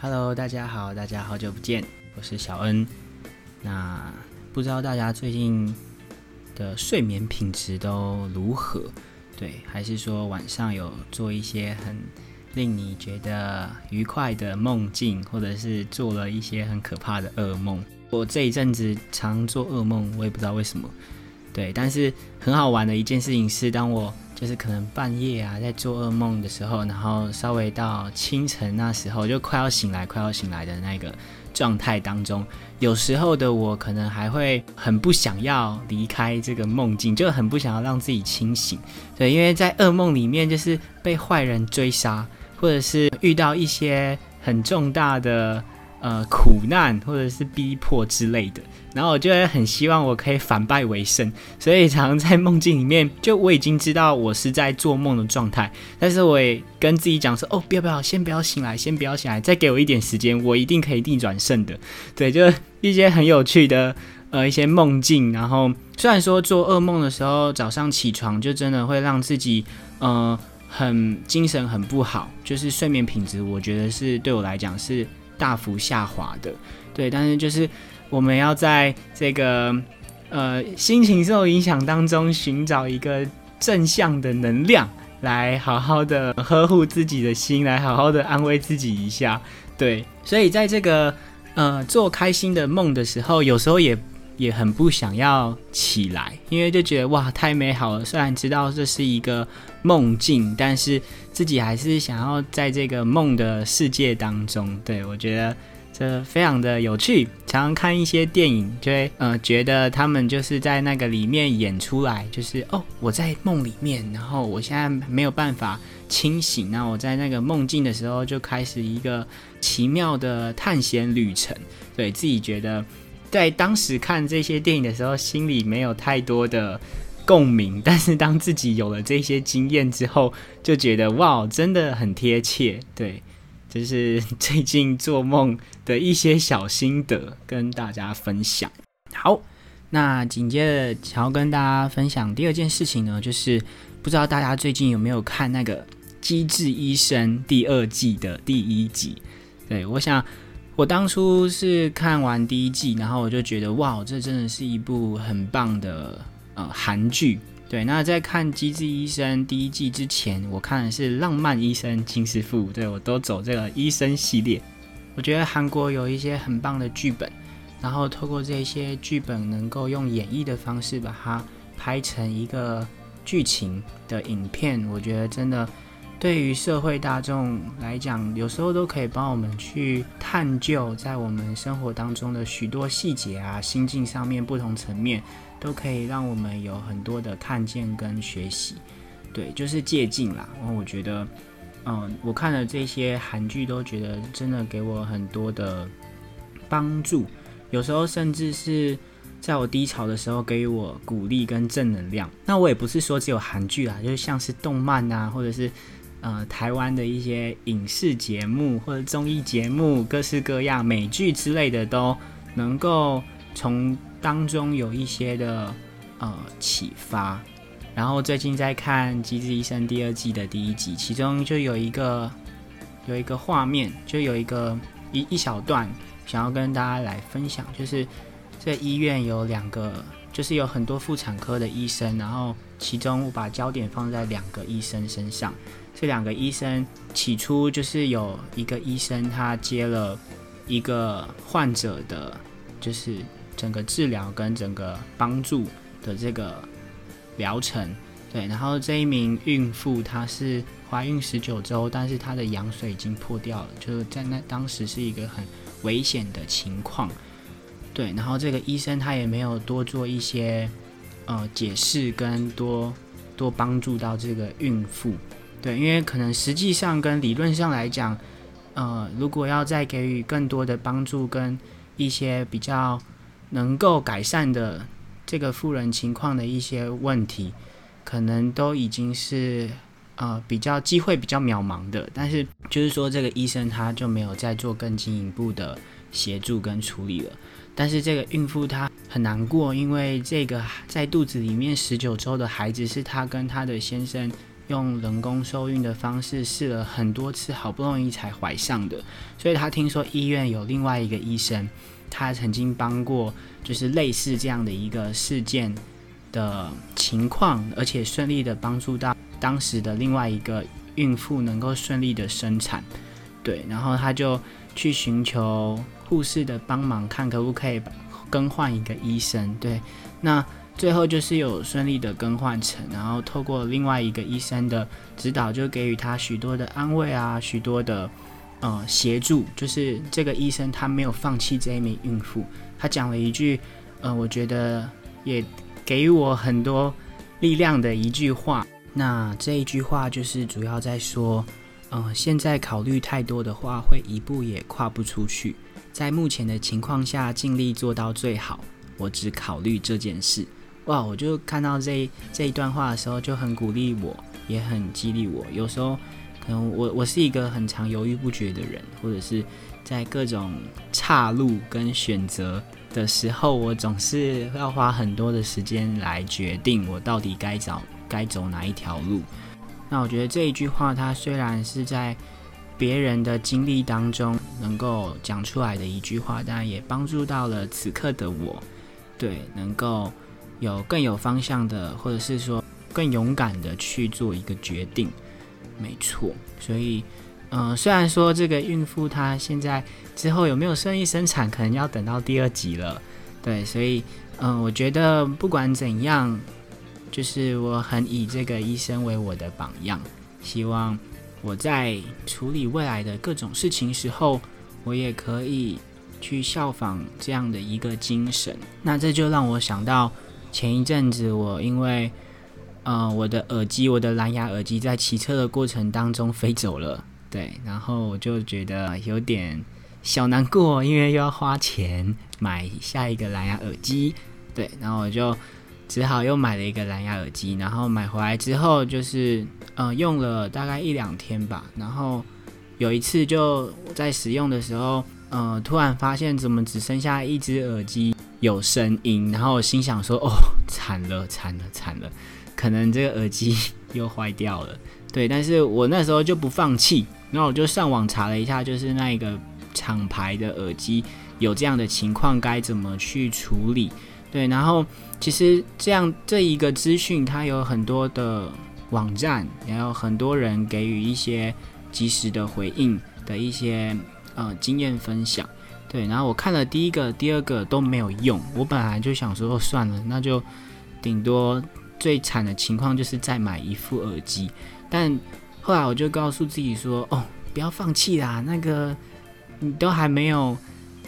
Hello，大家好，大家好久不見，我是小 N。那不知道大家最近的睡眠品質都如何？對，還是說晚上有做一些很令你覺得愉快的夢境，或者是做了一些很可怕的噩夢？我這一陣子常做噩夢，我也不知道為什麼。對，但是很好玩的一件事情是，當我就是可能半夜啊，在做噩夢的時候，然後稍微到清晨那時候，就快要醒來、快要醒來的那個狀態當中，有時候的我可能還會很不想要離開這個夢境，就很不想要讓自己清醒。對，因為在噩夢裡面，就是被壞人追殺，或者是遇到一些很重大的呃苦難，或者是逼迫之類的。然後我就很希望我可以反敗為勝，所以常常在夢境裡面，就我已經知道我是在做夢的狀態，但是我也跟自己講說：“哦，不要不要，先不要醒來，先不要醒來，再給我一點時間，我一定可以逆轉勝的。”對，就一些很有趣的呃一些夢境。然後雖然說做噩夢的時候早上起床就真的會讓自己嗯、呃、很精神很不好，就是睡眠品質，我覺得是對我來講是大幅下滑的。對，但是就是。我們要在這個呃心情受影響當中，尋找一個正向的能量，來好好的呵護自己的心，來好好的安慰自己一下。對，所以在這個呃做開心的夢的時候，有時候也也很不想要起來，因為就覺得哇太美好了。雖然知道這是一個夢境，但是自己還是想要在這個夢的世界當中。對，我覺得。的非常的有趣，常常看一些電影，就會嗯、呃、覺得他們就是在那個裡面演出來，就是哦，我在夢裡面，然後我現在沒有辦法清醒，那我在那個夢境的時候就開始一個奇妙的探險旅程。對，自己覺得在當時看這些電影的時候，心裡沒有太多的共鳴，但是當自己有了這些經驗之後，就覺得哇，真的很貼切，對。就是最近做夢的一些小心得跟大家分享。好，那緊接着想要跟大家分享第二件事情呢，就是不知道大家最近有沒有看那個《機智醫生》第二季的第一集，對？對，我想，我當初是看完第一季，然後我就覺得哇，這真的是一部很棒的呃韓劇。對，那在看《機智醫生》第一季之前，我看的是《浪漫醫生金師傅》對。對，我都走這個醫生系列，我覺得韓國有一些很棒的劇本，然後透過這些劇本，能夠用演繹的方式把它拍成一個劇情的影片。我覺得真的，對於社會大眾來講，有時候都可以幫我們去探究在我們生活當中的許多細節啊、心境上面不同層面。都可以讓我們有很多的看見跟學習，對，就是借鏡啦。然後我覺得，嗯，我看了這些韓劇，都覺得真的給我很多的幫助。有時候甚至是在我低潮的時候，給予我鼓勵跟正能量。那我也不是說只有韓劇啦，就是像是動漫啊，或者是呃台灣的一些影視節目或者綜藝節目，各式各樣美劇之類的，都能夠從。當中有一些的呃啟發，然後最近在看《機智醫生》第二季的第一集，其中就有一個有一個畫面，就有一個一一小段，想要跟大家來分享，就是這醫院有兩個，就是有很多婦產科的醫生，然後其中我把焦點放在兩個醫生身上，這兩個醫生起初就是有一個醫生他接了一個患者的，就是。整個治療跟整個幫助的這個療程，對，然後這一名孕婦她是懷孕十九周，但是她的羊水已經破掉了，就是在那當時是一個很危險的情況，對，然後這個醫生他也沒有多做一些呃解釋跟多多幫助到這個孕婦，對，因為可能實際上跟理論上來講，呃，如果要再給予更多的幫助跟一些比較。能夠改善的這個婦人情況的一些問題，可能都已經是啊、呃、比較機會比較渺茫的。但是就是說，這個醫生他就沒有再做更進一步的協助跟處理了。但是這個孕婦她很難過，因為這個在肚子裡面十九周的孩子是她跟她的先生用人工受孕的方式試了很多次，好不容易才懷上的。所以她聽說醫院有另外一個醫生。他曾經幫過，就是類似這樣的一個事件的情況，而且順利的幫助到當時的另外一個孕婦能夠順利的生產，對，然後他就去尋求護士的幫忙，看可不可以更換一個醫生，對，那最後就是有順利的更換成，然後透過另外一個醫生的指導，就給予他許多的安慰啊，許多的。呃，協助就是這個醫生，他沒有放棄這一名孕婦。他講了一句，呃，我覺得也給予我很多力量的一句話。那這一句話就是主要在說，呃，現在考慮太多的話，會一步也跨不出去。在目前的情況下，盡力做到最好。我只考慮這件事。哇，我就看到這這一段話的時候，就很鼓勵我，也很激勵我。有時候。嗯，我我是一個很常猶豫不決的人，或者是在各種岔路跟選擇的時候，我總是要花很多的時間來決定我到底該找、該走哪一條路。那我覺得這一句話，它雖然是在別人的經歷當中能夠講出來的一句話，但也幫助到了此刻的我，對，能夠有更有方向的，或者是說更勇敢的去做一個決定。沒錯，所以，嗯、呃，雖然說這個孕婦她現在之後有沒有順利生產，可能要等到第二集了，對，所以，嗯、呃，我覺得不管怎樣，就是我很以這個醫生為我的榜樣，希望我在處理未來的各種事情時候，我也可以去效仿這樣的一個精神。那這就讓我想到前一陣子我因為。嗯、呃，我的耳機，我的藍牙耳機，在騎車的過程當中飛走了。對，然後我就覺得有點小難過，因為又要花錢買下一個藍牙耳機。對，然後我就只好又買了一個藍牙耳機。然後買回來之後，就是嗯、呃，用了大概一兩天吧。然後有一次就在使用的時候，嗯、呃，突然發現怎麼只剩下一隻耳機有聲音。然後我心想說：“哦，慘了，慘了，慘了。”可能這個耳機又壞掉了，對，但是我那時候就不放棄，然後我就上網查了一下，就是那一個廠牌的耳機有這樣的情況該怎麼去處理，對，然後其實這樣這一個資訊它有很多的網站，然後很多人給予一些及時的回應的一些呃經驗分享，對，然後我看了第一個、第二個都沒有用，我本來就想說算了，那就頂多。最慘的情況就是再買一副耳機，但後來我就告訴自己說：“哦，不要放棄啦！那個你都還沒有，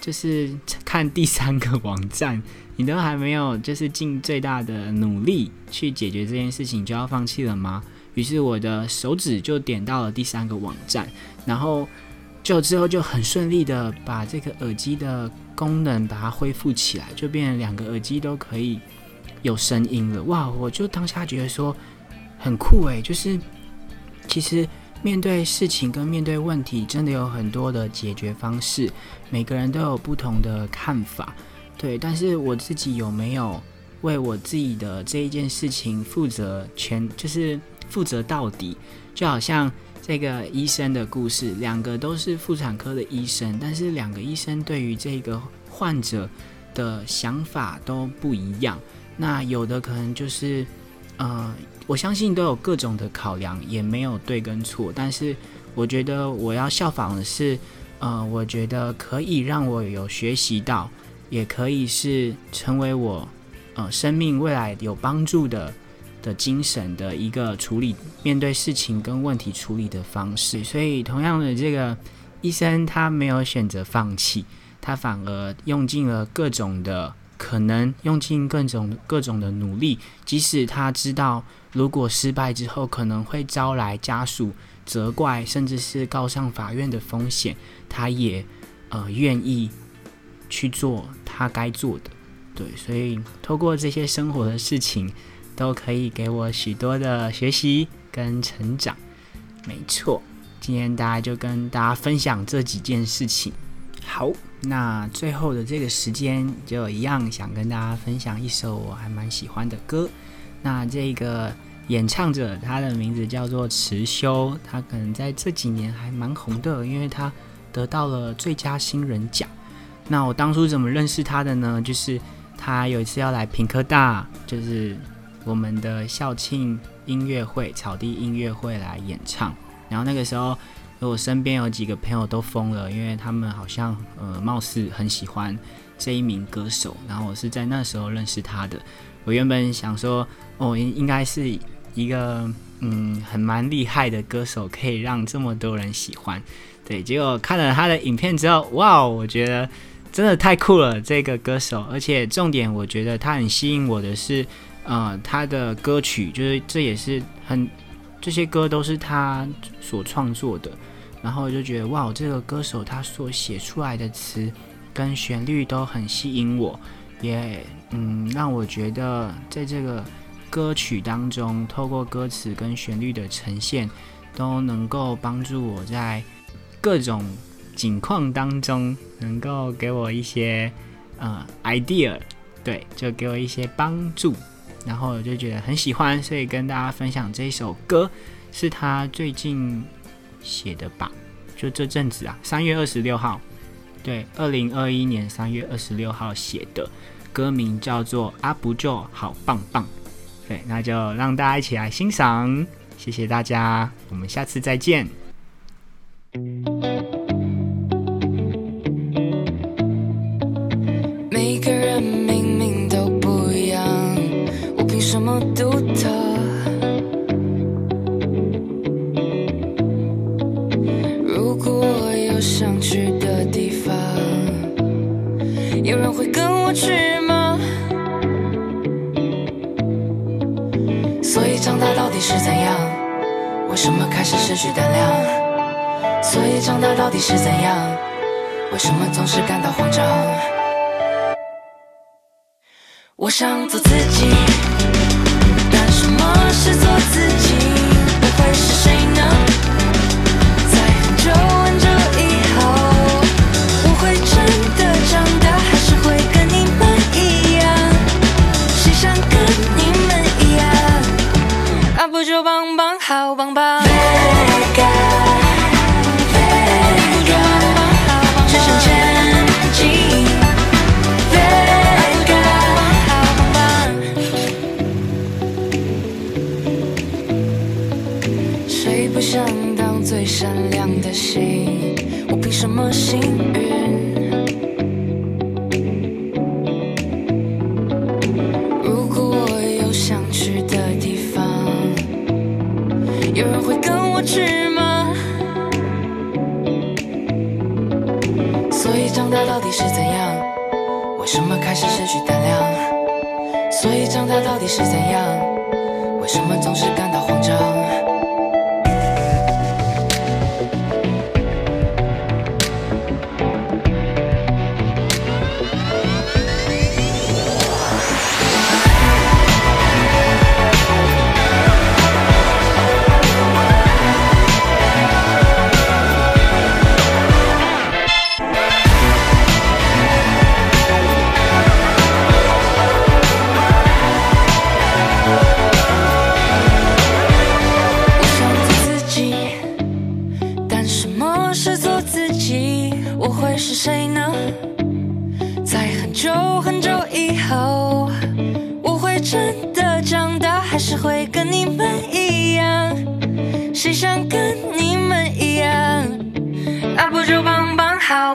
就是看第三個網站，你都還沒有，就是盡最大的努力去解決這件事情，就要放棄了嗎？”於是我的手指就點到了第三個網站，然後就之後就很順利的把這個耳機的功能把它恢復起來，就變成兩個耳機都可以。有聲音了哇！我就當下覺得說很酷誒。就是其實面對事情跟面對問題，真的有很多的解決方式，每個人都有不同的看法，對。但是我自己有沒有為我自己的這一件事情負責全，就是負責到底？就好像這個醫生的故事，兩個都是婦產科的醫生，但是兩個醫生對於這個患者的想法都不一樣。那有的可能就是，呃，我相信都有各種的考量，也沒有對跟錯。但是我覺得我要效仿的是，呃，我覺得可以讓我有學習到，也可以是成為我，呃，生命未來有幫助的的精神的一個處理，面對事情跟問題處理的方式。所以同樣的，這個醫生他沒有選擇放棄，他反而用盡了各種的。可能用盡各種各種的努力，即使他知道如果失敗之後可能會招來家屬責怪，甚至是告上法院的風險，他也呃願意去做他該做的。對，所以透過這些生活的事情，都可以給我許多的學習跟成長。沒錯，今天大家就跟大家分享這幾件事情。好。那最後的這個時間，就一樣想跟大家分享一首我還蠻喜歡的歌。那這個演唱者，他的名字叫做持修，他可能在這幾年還蠻紅的，因為他得到了最佳新人獎。那我當初怎麼認識他的呢？就是他有一次要來屏科大，就是我們的校慶音樂會、草地音樂會來演唱，然後那個時候。我身邊有幾個朋友都瘋了，因為他們好像呃，貌似很喜歡這一名歌手。然後我是在那時候認識他的。我原本想說，哦，應該是一個嗯，很蠻厲害的歌手，可以讓這麼多人喜歡。對，結果看了他的影片之後，哇，我覺得真的太酷了，這個歌手。而且重點，我覺得他很吸引我的是，呃，他的歌曲，就是這也是很。這些歌都是他所創作的，然後我就覺得，哇，這個歌手他所寫出來的詞跟旋律都很吸引我，也嗯，讓我覺得在這個歌曲當中，透過歌詞跟旋律的呈現，都能夠幫助我在各種境況當中，能夠給我一些呃 idea，對，就給我一些幫助。然後我就覺得很喜歡，所以跟大家分享這首歌，是他最近寫的吧？就這陣子啊，三月二十六號，對，二零二一年三月二十六號寫的，歌名叫做《阿不就好棒棒》。對，那就讓大家一起來欣賞，謝謝大家，我們下次再見。我想去的地方，有人會跟我去嗎？所以長大到底是怎樣？為什麼開始失去膽量？所以長大到底是怎樣？為什麼總是感到慌張？我想做自己。想當最閃亮的星，我憑什麼幸運？如果我有想去的地方，有人會跟我去嗎？所以長大到底是怎樣？為什麼開始失去膽量？所以長大到底是怎樣？為什麼總是感到慌張？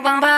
好棒棒！